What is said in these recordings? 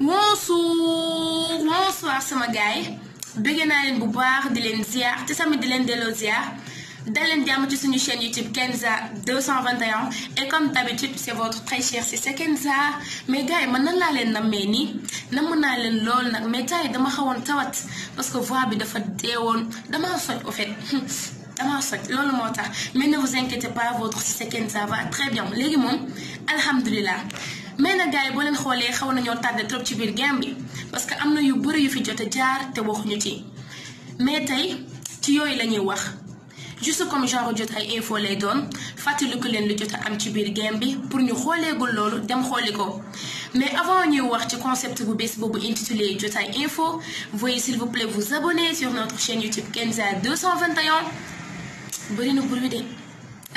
bonsoir bonsoir sama gaay bëgg naa leen bu baax di leen ziar te samit di leen delloo ziar dal leen jàmm ci suñu chaîne YouTube Kenza 221 et comme d'habitude c'est votre très cher c'est Kenza mais gars yi man nan laa leen nammee nii namm naa leen lool nag mais tay dama xawoon tawat parce que voix bi dafa deewoon damaa soj au fait damaa soj loolu le mais ne vous inquiétez pas votre c'est Kenza va très bien léegi moom alhamdulilah mais nag gars yi boo leen xoolee xaw nañoo tardé trop ci bir game bi parce que amna yu bëri yu fi jotta a jaar te waxuñu ci mais tay ci yoy lañuy wax juste comme genre jotta ay info lay doon ko len lu jotta am ci bir game bi pour ñu gul lolu dem xoliko mais avant ñuy wax ci concept bu bees bobu intitulé jotaay info voyez s'il vous plaît vous abonner sur notre chaîne YouTube Kenza 221 bëri na bruit dé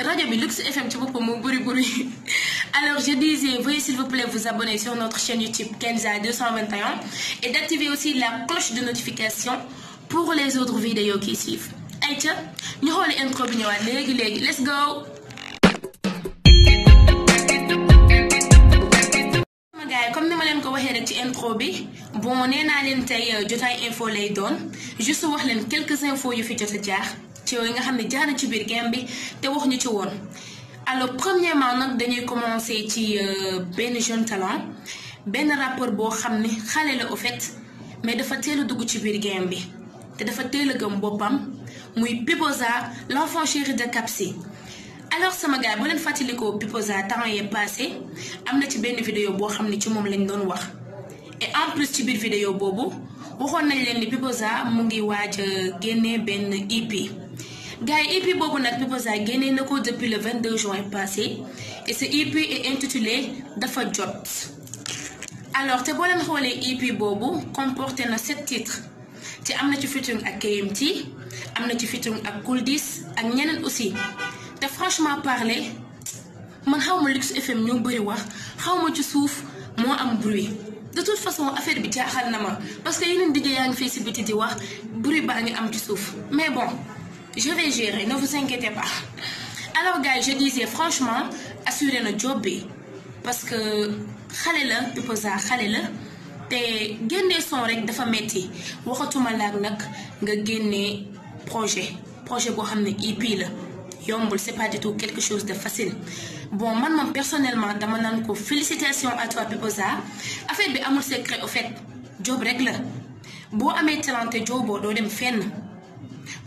radio bi Lux FM ci boppam mo bëri bruit. Alors, je disais, veuillez s'il vous plaît vous abonner sur notre chaîne YouTube Kenza 221 et d'activer aussi la cloche de notification pour les autres vidéos qui suivent. Et tu? nous allons intro Let's go! comme ni ma leen ko waxee rek ci intro bi bon nee naa leen tey euh, info lay doon juste wax quelques infos yu fi jot a jaar ci yooyu nga xam ne jaar na ci biir game bi te wax ñu ci woon alors premièrement nous avons commencer ci ben jeune talent ben rapport bo la fait mais dafa dugg ci game bi dafa Pipoza l'enfant chéri de Capsi. alors sama gars bu len fatiliko Pipoza temps est passé amna ci vidéo bo xamné ci et en plus ci bir vidéo bobu nañ Pipoza a gars EP boobu nag Pipoza génnee na ko depuis le 22 juin passé et ce EP est intitulé dafa jot. alors te boo leen xoolee EP boobu comporté na sept titres te am na ci featuring ak KMT am na ci featuring ak Kool ak ñeneen aussi te franchement parlé, man xaw ma Lux FM ñoo bëri wax xaw ma ci suuf moo am bruit. de toute façon affaire bi jaaxal parce que yeneen DJ yaa ngi fii si biti wax bruit baa ngi am ci suuf mais bon je vais gérer ne vous inquiétez pas alors gars je disais franchement assurez notre job parce que xale la Pipoza xale la gagné son rek dafa metti waxatuma as gagné nga génne projet projet pour un ne pile. la yombul c'est pas du tout quelque chose de facile bon man personnellement dama naan ko félicitations à toi Pipoza affaire bi amul secret au fait job rek la boo amee talenté jooboo doo dem fenn.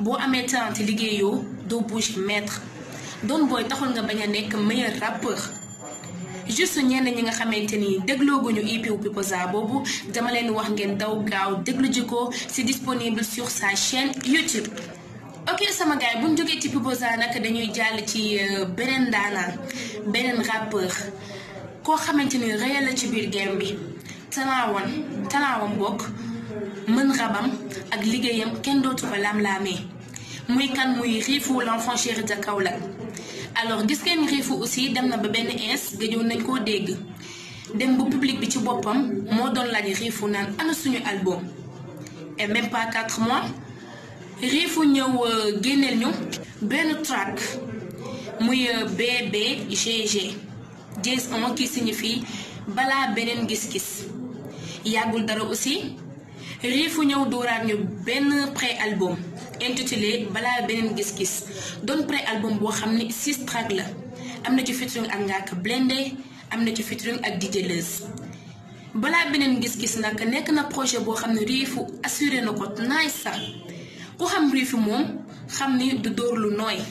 boo amee talent liggéeyoo doo bouger maître Don Boy taxul nga bañ a nekk meilleur rappeur juste ñenn ñi nga xamante ni déglooguñu EP wu boobu dama leen wax ngeen daw gaaw déglu ji ko c'est disponible sur sa chaîne YouTube. ok sama gars yi bu ñu ci Pipoza nag dañuy jàll ci euh, beneen daanaan beneen rappeur koo xamante ni réel ci biir game bi talaawam talaawam bokk mën rabam. ak liggéeyam ken dootu ko laam-laamee muy kan muy Riifou l'enfant chéri de Kaolack alors gis ngeen Riifou aussi dem na ba benn ins gëjoon nañ koo dégg dem bu public bi ci moi moo doon laaj Riifou naan ana suñu album et même pas quatre mois Riifou ñëw euh, génneel ñu ben track muy euh, BBGG JS1 qui signifie bala benen gis-gis Yagul dara aussi riifu ñëw dooraat ñu benn pré album intitulé balaa beneen gis-gis doon pré album boo xam ni six track la am na ci featuring ak Ngaaka Blindé am na ci featuring ak DJ balaa beneen gis-gis nag nekk na projet boo xam ne riifu assuré na ko naay sax ku xam riifu moom xam ni du dóor lu nooy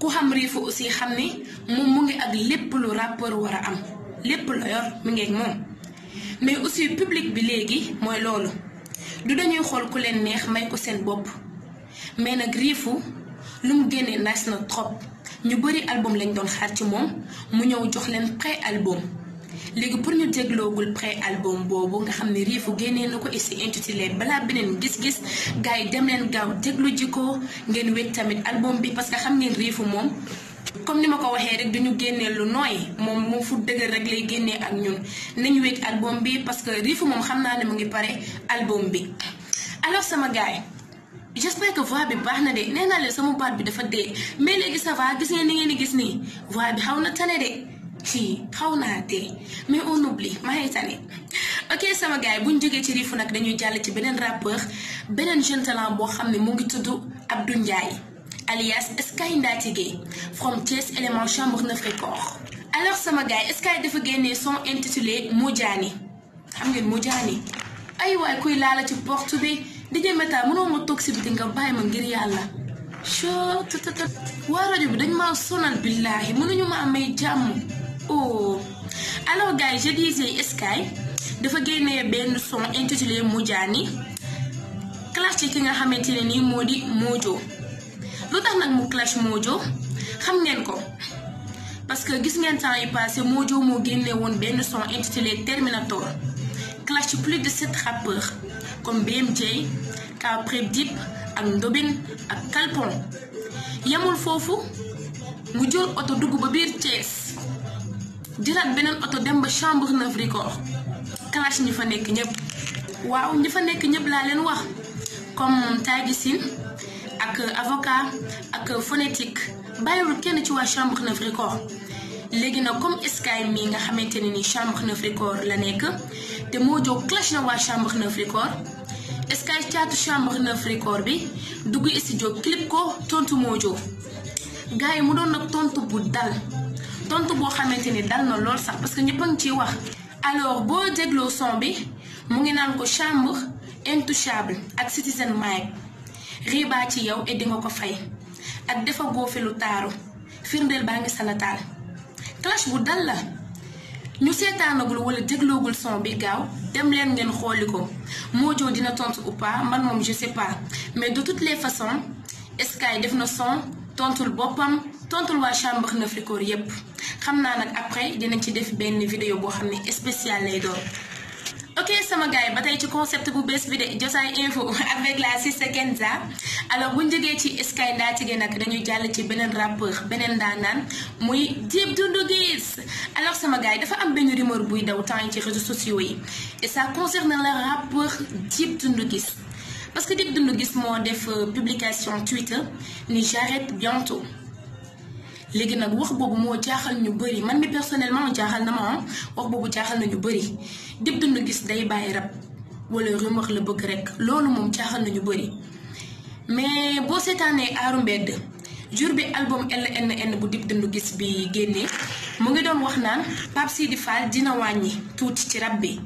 ku xam riifu aussi xam ni moom mu ngi ak lépp lu rapport war a am lépp la yor mi moom mais aussi publique bi léegi mooy loolu du dañuy xool ku leen neex may ko seen bopp mais nag riifu lu mu génnee nas na trop ñu bëri album lañ doon xaar ci moom mu ñëw jox leen pré album léegi pour ñu dégloogul pré album boobu nga xam ne riifu génnee na ko ici intitulé balaa beneen gis-gis gars yi dem leen gaaw déglu ji ko ngeen wéet tamit album bi parce que xam ngeen riifu moom comme ni ma ko waxee rek duñu génnee lu nooy moom moo fu dëgër rek lay génnee ak ñun nañu wéeg album bi parce que riifu moom xam naa ne mu ngi pare album bi alors sama gaay j'espère que voix bi baax na de nee naa sama baat bi dafa dee mais léegi ça va gis ngeen ni ngeen di gis nii voix bi xaw na tane de fii xaw naa dee mais on oublie maa ngi tane ok sama gaay buñ jógee ci riifu nag dañuy jàll ci beneen rappeur beneen jeune boo xam ne mu ngi tudd Abdou Ndiaye alias Sky Ndatigé from Thiès élément chambre 9 record alors sama gars Sky dafa génnee son intitulé Mujani xam ngeen Mujani ay waay kuy laala ci porte bi di jël métal mënoo ma toog si biti nga bàyyi ma ngir yàlla soo tëtëtë waa rajo bi dañ maa sonal billaahi mënuñu ma may jàmm oh alors gars je disais Sky dafa génnee benn son intitulé Mujani clash ci ki nga xamante ne nii moo di Mojo lu tax nag mu clash Mojo xam ngeen ko parce que gis ngeen temps yi passé Mojo moo génne woon benn son intitulé Terminator clash plus de sept rappeurs comme BMJ Ka Prep Dip ak Ndobin ak Kalpon yemul foofu mu jël oto dugg ba biir Thiès jëlaat beneen oto dem ba chambre neuf record clash ñi fa nekk ñëpp waaw ñi fa nekk ñëpp laa leen wax comme Tagisin ak avocat ak phonétique bàyyiwul kenn ci waa chambre neuf record léegi nag comme Sky mi nga xamante ne ni chambre neuf record la nekk te moo jóg clash na waa chambre neuf record Sky caatu chambre neuf bi dugg studio clip ko tontu moo jóg gars yi mu doon nag tontu bu dal tontu boo xamante ni dal na lool sax parce que ñëpp ngi ciy wax. alors boo dégloo son bi mu ngi naan ko chambre intouchable ak citizen Mike. riibaa ci yow et di nga ko fay ak dafa góofe lu taaru firndeel baa ngi salataal clash bu dal la ñu seetaanagul wala dégloogul son bi gaaw dem leen ngeen xooli ko moo Mojo dina tontu ou pas man moom je sais pas mais de toutes les façons Sky def na son tontul boppam tontul waa chambre na fricoor yépp xam naa nag après dinañ ci def benn vidéo boo xam ne spécial lay doon ok sama gars yi ba tey ci concept bu bees bi de Josaay info avec la sister Kenza alors bu njëgee jógee ci Sky Ndathigué nag dañuy jàll ci beneen rappeur beneen daanaan muy Dip Doundou Guiss alors sama gars dafa am benn rumeur buy daw temps yi ci réseaux sociaux yi et ça concerne le rappeur Dip Doundou Guiss parce que Dip Doundou Guiss moo def euh, publication Twitter ni j'arrête bientôt. léegi nag wax boobu moo jaaxal ñu bëri man mi personnellement jaaxal na ma ah wax boobu jaaxal na ñu bëri Dip Doundou Guiss day bàyyi rab wala rumeur la bëgg rek loolu moom jaaxal na ñu bëri mais boo seetaanee aaru mbedd jour bi album LNN bu Dip Doundou Guiss bi génnee mu ngi doon wax naan Pape Sidi Fall dina wàññi tuuti ci rab bi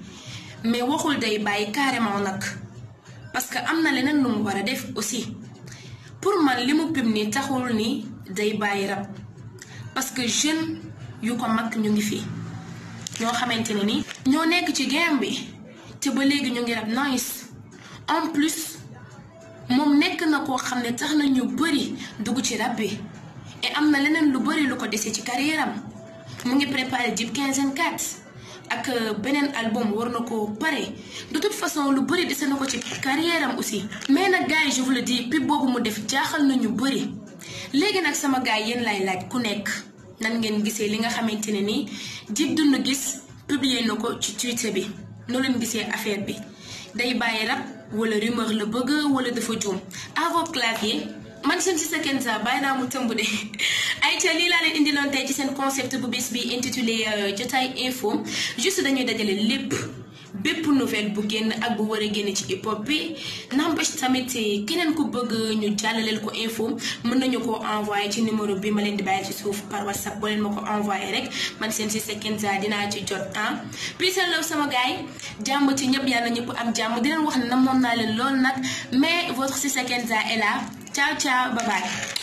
mais waxul day bàyyi carrément nag parce que am na leneen lu mu war a def aussi pour man li mu pim nii taxul ni day bàyyi rab parce que jeune yu ko mag ñu ngi fii ñoo xamante ne ni. ñoo nekk ci game bi te ba léegi ñu ngi rab nice en plus moom nekk na koo xam ne tax na ñu bëri dugg ci rab bi et am na leneen lu bëri lu ko dese ci carrière am mu ngi préparé Djib quinzaine quatre ak euh, beneen album war na ko pare de toute façon lu bëri dese na ko ci carrière aussi. mais nag gars yi je vous boobu mu def jaaxal na ñu bëri. léegi nag sama gaay yéen lay laaj ku nekk nan ngeen gisee li nga xamante ne nii Dip Doundou gis publier na ko ci Twitter bi noo leen gisee affaire bi day bàyyi rab wala rumeur la bëgg wala dafa juum à vos claviers man seen si sa Kenza bàyyi naa mu tëmb de ay ca lii laa leen indiloon tey ci seen concept bu bés bi intitulé euh, jotaay info juste dañuy dajale lépp. bépp nouvelle bu génn ak bu war a génne ci hip hop bi n'empêche tamit keneen ko bëgg ñu jàllaleel ko info mën nañu ko envoyé ci numéro bi ma leen di bàyyi ci suuf par whatsapp boo leen ma ko envoyé rek man seen si sa Kenza dinaa ci jot ah. peace and sama gars yi jàmm ci ñëpp yàlla ñëpp am jàmm di leen wax na namoon naa leen lool nag mais votre si sa Kenza est là ciao ciao bye bye.